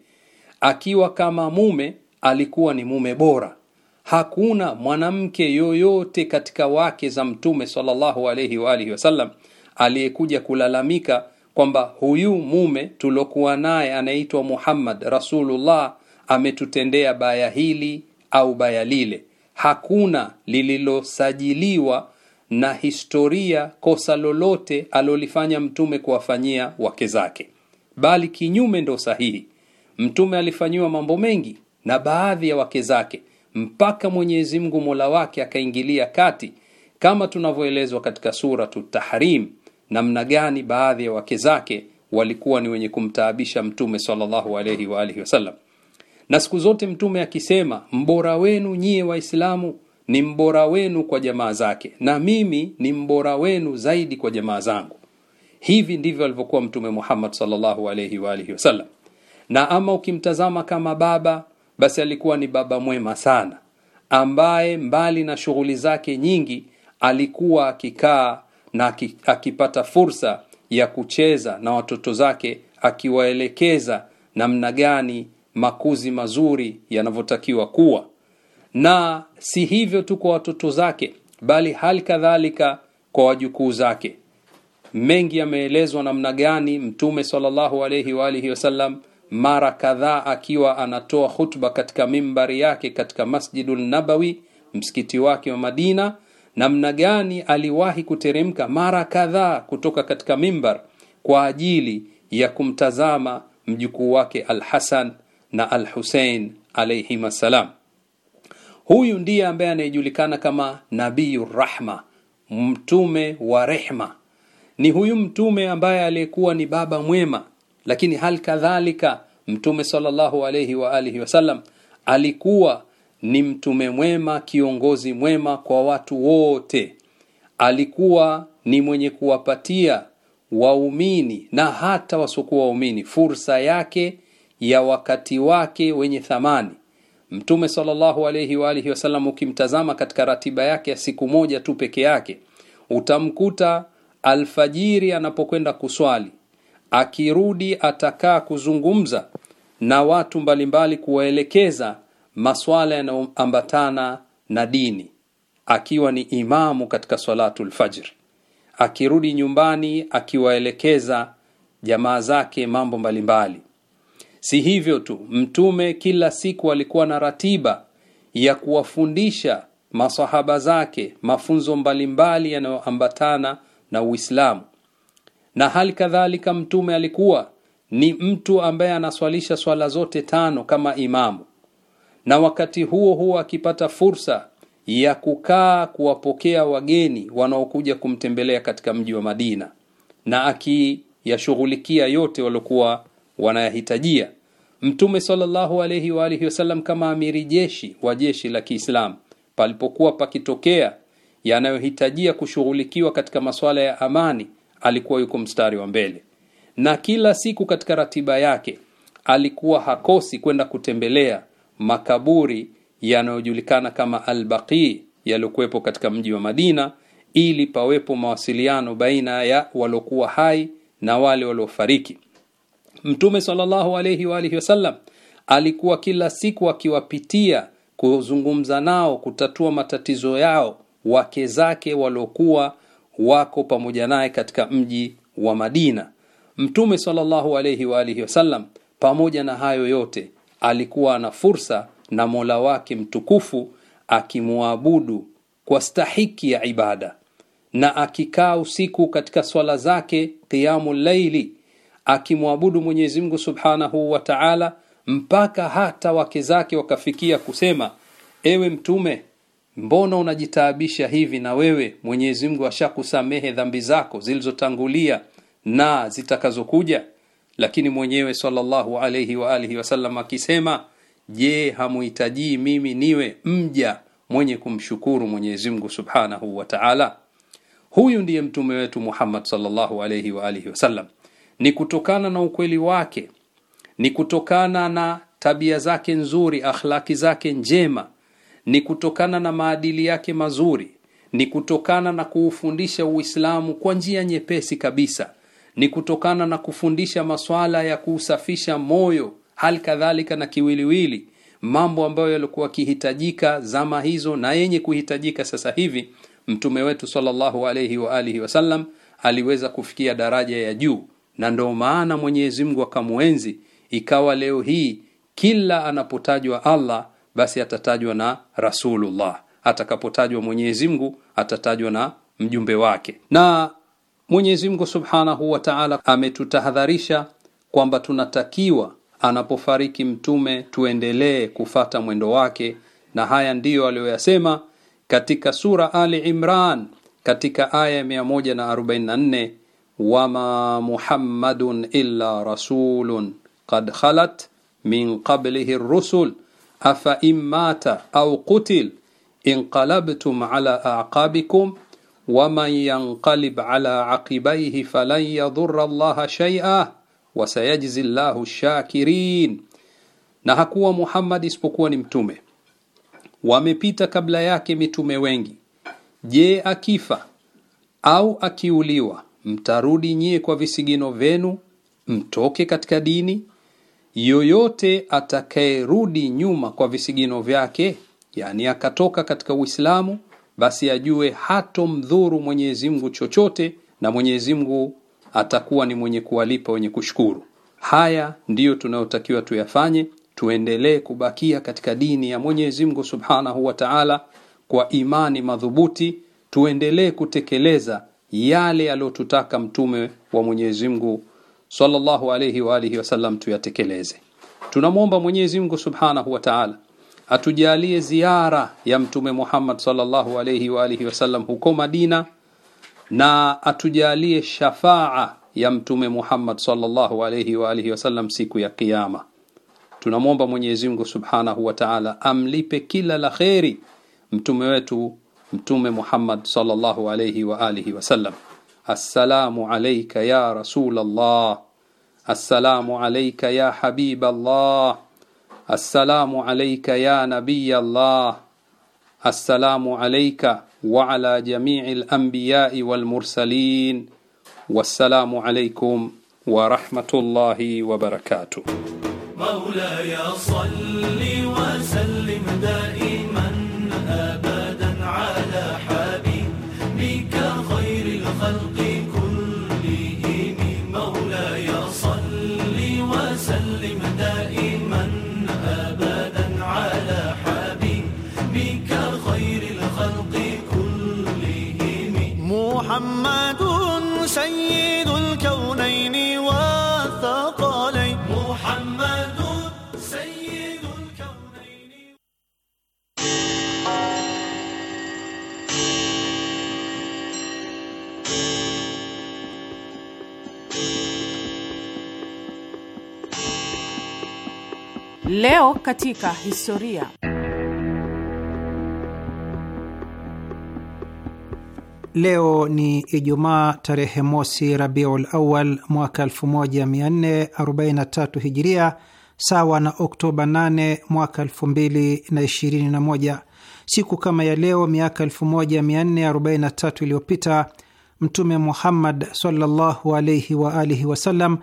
akiwa kama mume, alikuwa ni mume bora. Hakuna mwanamke yoyote katika wake za Mtume sallallahu alayhi wa alihi wasallam aliyekuja kulalamika kwamba huyu mume tulokuwa naye anaitwa Muhammad Rasulullah ametutendea baya hili au baya lile. Hakuna lililosajiliwa na historia kosa lolote alolifanya mtume kuwafanyia wake zake, bali kinyume ndo sahihi. Mtume alifanyiwa mambo mengi na baadhi ya wake zake, mpaka Mwenyezi Mungu mola wake akaingilia kati, kama tunavyoelezwa katika Suratu Tahrim namna gani baadhi ya wake zake walikuwa ni wenye kumtaabisha mtume sallallahu alayhi wa alihi wasallam. Na siku zote mtume akisema mbora wenu nyie Waislamu ni mbora wenu kwa jamaa zake, na mimi ni mbora wenu zaidi kwa jamaa zangu. Hivi ndivyo alivyokuwa Mtume Muhammad sallallahu alayhi wa alihi wasallam. Na ama ukimtazama kama baba, basi alikuwa ni baba mwema sana, ambaye mbali na shughuli zake nyingi alikuwa akikaa na akipata fursa ya kucheza na watoto zake akiwaelekeza namna gani makuzi mazuri yanavyotakiwa kuwa na si hivyo tu kwa watoto zake bali hali kadhalika kwa wajukuu zake mengi yameelezwa namna gani mtume salllahu alaihi waalihi wasallam mara kadhaa akiwa anatoa khutba katika mimbari yake katika masjidu nabawi msikiti wake wa madina namna gani aliwahi kuteremka mara kadhaa kutoka katika mimbar kwa ajili ya kumtazama mjukuu wake alhasan na alhusein husein alayhim assalam. Huyu ndiye ambaye anayejulikana kama Nabiyu Rahma, mtume wa rehma. Ni huyu mtume ambaye aliyekuwa ni baba mwema, lakini hal kadhalika mtume sallallahu alayhi wa alihi wasallam alikuwa ni mtume mwema, kiongozi mwema kwa watu wote. Alikuwa ni mwenye kuwapatia waumini na hata wasiokuwa waumini fursa yake ya wakati wake wenye thamani. Mtume sallallahu alayhi wa alihi wasallam, ukimtazama katika ratiba yake ya siku moja tu peke yake, utamkuta alfajiri anapokwenda kuswali, akirudi atakaa kuzungumza na watu mbalimbali, kuwaelekeza maswala yanayoambatana na dini, akiwa ni imamu katika salatu lfajri, akirudi nyumbani akiwaelekeza jamaa zake mambo mbalimbali. Si hivyo tu, Mtume kila siku alikuwa na ratiba ya kuwafundisha masahaba zake mafunzo mbalimbali yanayoambatana na Uislamu, na hali kadhalika Mtume alikuwa ni mtu ambaye anaswalisha swala zote tano kama imamu na wakati huo huo akipata fursa ya kukaa kuwapokea wageni wanaokuja kumtembelea katika mji wa Madina na akiyashughulikia yote waliokuwa wanayahitajia. Mtume sallallahu alayhi wa alihi wasallam kama amiri jeshi wa jeshi la Kiislamu, palipokuwa pakitokea yanayohitajia kushughulikiwa katika masuala ya amani, alikuwa yuko mstari wa mbele, na kila siku katika ratiba yake alikuwa hakosi kwenda kutembelea makaburi yanayojulikana kama Albaqi yaliyokuwepo katika mji wa Madina ili pawepo mawasiliano baina ya waliokuwa hai na wale waliofariki. Mtume sallallahu alayhi wa alihi wasallam alikuwa kila siku akiwapitia kuzungumza nao, kutatua matatizo yao, wake zake waliokuwa wako pamoja naye katika mji wa Madina. Mtume sallallahu alayhi wa alihi wasallam, pamoja na hayo yote alikuwa ana fursa na mola wake mtukufu akimwabudu kwa stahiki ya ibada na akikaa usiku katika swala zake qiyamu laili akimwabudu mwenyezimngu subhanahu wa taala mpaka hata wake zake wakafikia kusema ewe mtume mbona unajitaabisha hivi na wewe mwenyezimngu ashakusamehe dhambi zako zilizotangulia na zitakazokuja lakini mwenyewe sallallahu alayhi wa alihi wasallam akisema, je, hamuhitajii mimi niwe mja mwenye kumshukuru Mwenyezi Mungu subhanahu wa ta'ala? Huyu ndiye mtume wetu Muhammad sallallahu alayhi wa alihi wasallam. Ni kutokana na ukweli wake, ni kutokana na tabia zake nzuri, akhlaki zake njema, ni kutokana na maadili yake mazuri, ni kutokana na kuufundisha Uislamu kwa njia nyepesi kabisa ni kutokana na kufundisha maswala ya kuusafisha moyo, hali kadhalika na kiwiliwili, mambo ambayo yalikuwa yakihitajika zama hizo na yenye kuhitajika sasa hivi. Mtume wetu sallallahu alayhi wa alihi wasallam aliweza kufikia daraja ya juu, na ndio maana Mwenyezi Mungu akamwenzi, ikawa leo hii kila anapotajwa Allah basi atatajwa na Rasulullah, atakapotajwa Mwenyezi Mungu atatajwa na mjumbe wake na Mwenyezi Mungu Subhanahu wa Ta'ala ametutahadharisha kwamba tunatakiwa anapofariki mtume tuendelee kufata mwendo wake, na haya ndiyo aliyoyasema katika sura Ali Imran katika aya ya 144, wama Muhammadun illa rasulun qad khalat min qablihi rusul afa in mata au qutil inqalabtum ala aqabikum waman yanqalib ala aqibaihi falan yadhurra llaha shaia wasayajzi llahu shakirin, na hakuwa Muhammad isipokuwa ni mtume. Wamepita kabla yake mitume wengi. Je, akifa au akiuliwa, mtarudi nyie kwa visigino vyenu mtoke katika dini? Yoyote atakayerudi nyuma kwa visigino vyake, yani akatoka katika Uislamu basi ajue hatomdhuru Mwenyezi Mungu chochote, na Mwenyezi Mungu atakuwa ni mwenye kuwalipa wenye kushukuru. Haya ndiyo tunayotakiwa tuyafanye, tuendelee kubakia katika dini ya Mwenyezi Mungu Subhanahu wa Ta'ala kwa imani madhubuti, tuendelee kutekeleza yale aliyotutaka mtume wa Mwenyezi Mungu sallallahu alayhi wa alihi wasallam tuyatekeleze. Tunamwomba Mwenyezi Mungu Subhanahu wa Ta'ala atujalie ziara ya Mtume Muhammad sallallahu alayhi wa alihi wasallam huko Madina, na atujalie shafaa ya Mtume Muhammad sallallahu alayhi wa alihi wasallam siku ya Kiyama. Tunamwomba Mwenyezi Mungu subhanahu wa taala amlipe kila la kheri mtume wetu Mtume Muhammad sallallahu alayhi wa alihi wasallam. Assalamu alayka ya Rasul Allah, assalamu alayka ya Habib Allah السلام عليك يا نبي الله السلام عليك وعلى جميع الأنبياء والمرسلين والسلام عليكم ورحمة الله وبركاته مولاي صلِّ Leo katika historia. Leo ni Ijumaa tarehe mosi Rabiul Awal mwaka 1443 Hijiria, sawa na Oktoba 8 mwaka 2021. Siku kama ya leo miaka 1443 iliyopita Mtume Muhammad sallallahu alaihi wa alihi wasallam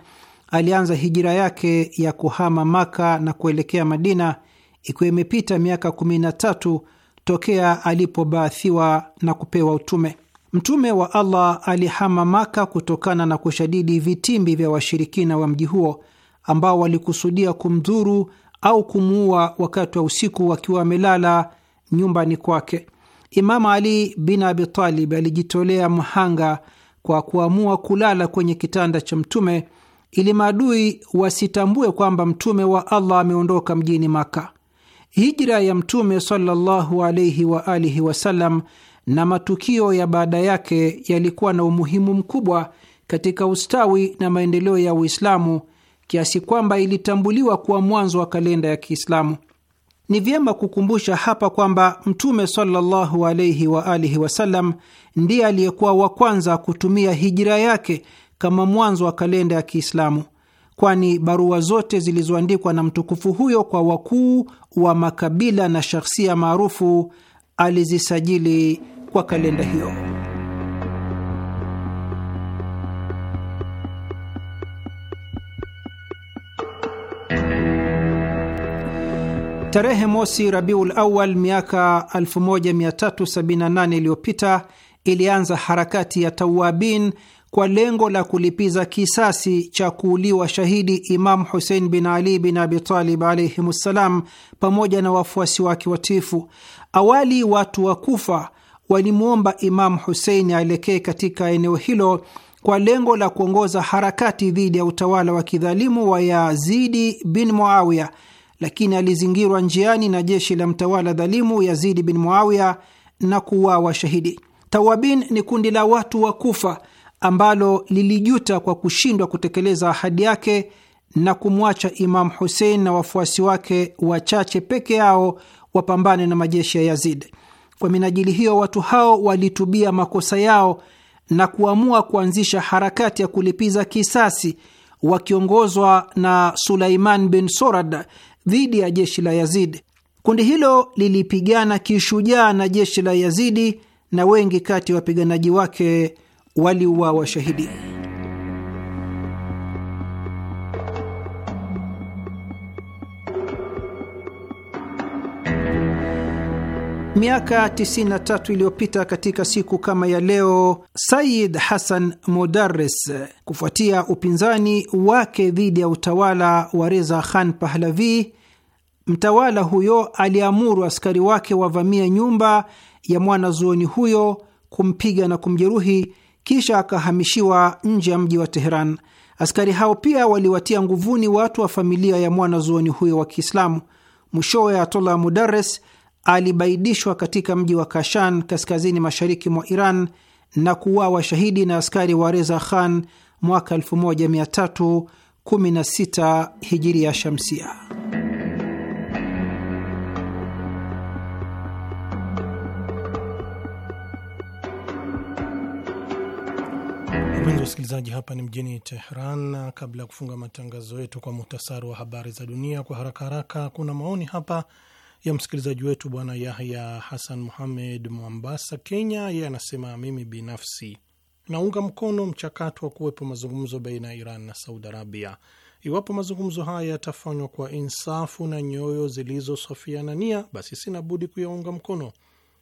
alianza hijira yake ya kuhama Maka na kuelekea Madina, ikiwa imepita miaka 13 tokea alipobaathiwa na kupewa utume. Mtume wa Allah alihama Maka kutokana na kushadidi vitimbi vya washirikina wa mji huo ambao walikusudia kumdhuru au kumuua wakati wa usiku wakiwa wamelala nyumbani kwake. Imamu Ali bin Abi Talib alijitolea mhanga kwa kuamua kulala kwenye kitanda cha Mtume ili maadui wasitambue kwamba mtume wa Allah ameondoka mjini Maka. Hijra ya mtume sallallahu alaihi wa alihi wasallam na matukio ya baada yake yalikuwa na umuhimu mkubwa katika ustawi na maendeleo ya Uislamu kiasi kwamba ilitambuliwa kuwa mwanzo wa kalenda ya Kiislamu. Ni vyema kukumbusha hapa kwamba mtume sallallahu alaihi wa alihi wasallam ndiye aliyekuwa wa kwanza kutumia hijra yake kama mwanzo wa kalenda ya Kiislamu, kwani barua zote zilizoandikwa na mtukufu huyo kwa wakuu wa makabila na shakhsia maarufu alizisajili kwa kalenda hiyo. Tarehe mosi Rabiul Awal miaka 1378 iliyopita ilianza harakati ya Tawabin kwa lengo la kulipiza kisasi cha kuuliwa shahidi Imamu Husein bin Ali bin Abitalib alaihimussalam pamoja na wafuasi wake watifu. Awali watu wa Kufa walimwomba Imamu Husein aelekee katika eneo hilo kwa lengo la kuongoza harakati dhidi ya utawala wa kidhalimu wa Yazidi bin Muawiya, lakini alizingirwa njiani na jeshi la mtawala dhalimu Yazidi bin Muawiya na kuuawa shahidi. Tawabin ni kundi la watu wa Kufa ambalo lilijuta kwa kushindwa kutekeleza ahadi yake na kumwacha Imam Husein na wafuasi wake wachache peke yao wapambane na majeshi ya Yazidi. Kwa minajili hiyo, watu hao walitubia makosa yao na kuamua kuanzisha harakati ya kulipiza kisasi wakiongozwa na Sulaiman bin Sorad dhidi ya jeshi la Yazidi. Kundi hilo lilipigana kishujaa na jeshi la Yazidi na wengi kati ya wapiganaji wake waliuawa shahidi. Miaka 93 iliyopita katika siku kama ya leo, Sayid hassan Modarres, kufuatia upinzani wake dhidi ya utawala wa Reza Khan Pahlavi, mtawala huyo aliamuru askari wake wavamia nyumba ya mwanazuoni huyo, kumpiga na kumjeruhi kisha akahamishiwa nje ya mji wa Teheran. Askari hao pia waliwatia nguvuni watu wa familia ya mwanazuoni huyo wa Kiislamu. Mwishowe Ayatollah Mudares alibaidishwa katika mji wa Kashan, kaskazini mashariki mwa Iran, na kuuawa shahidi na askari wa Reza Khan mwaka 1316 hijiria shamsia. Mpenzi wasikilizaji, hapa ni mjini tehran na kabla ya kufunga matangazo yetu kwa muhtasari wa habari za dunia kwa haraka haraka, kuna maoni hapa ya msikilizaji wetu Bwana Yahya Hasan Muhamed, Mombasa, Kenya. Yeye anasema mimi binafsi naunga mkono mchakato wa kuwepo mazungumzo baina ya Iran na Saudi Arabia. Iwapo mazungumzo haya yatafanywa kwa insafu na nyoyo zilizosofia na nia, basi sina budi kuyaunga mkono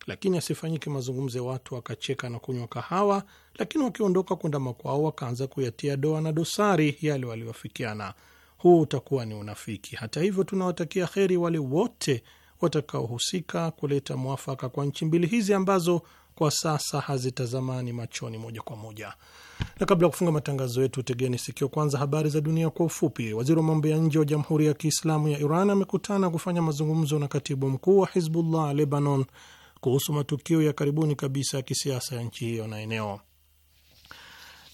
lakini asifanyike mazungumzo ya watu wakacheka na kunywa kahawa, lakini wakiondoka kwenda makwao wakaanza kuyatia doa na dosari yale waliofikiana Huu utakuwa ni unafiki. Hata hivyo, tunawatakia heri wale wote watakaohusika kuleta mwafaka kwa nchi mbili hizi ambazo kwa sasa hazitazamani machoni moja kwa moja. Na kabla ya kufunga matangazo yetu, tegeni sikio kwanza habari za dunia kwa ufupi. Waziri wa mambo ya nje wa Jamhuri ya Kiislamu ya Iran amekutana kufanya mazungumzo na katibu mkuu wa Hizbullah Lebanon kuhusu matukio ya karibuni kabisa ya kisiasa ya nchi hiyo na eneo.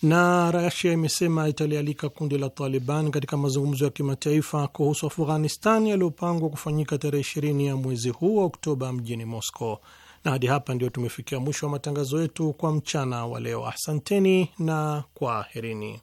Na Rasia imesema italialika kundi la Taliban katika mazungumzo ya kimataifa kuhusu Afghanistan yaliyopangwa kufanyika tarehe ishirini ya mwezi huu wa Oktoba mjini Moscow. Na hadi hapa ndio tumefikia mwisho wa matangazo yetu kwa mchana wa leo. Asanteni na kwaherini.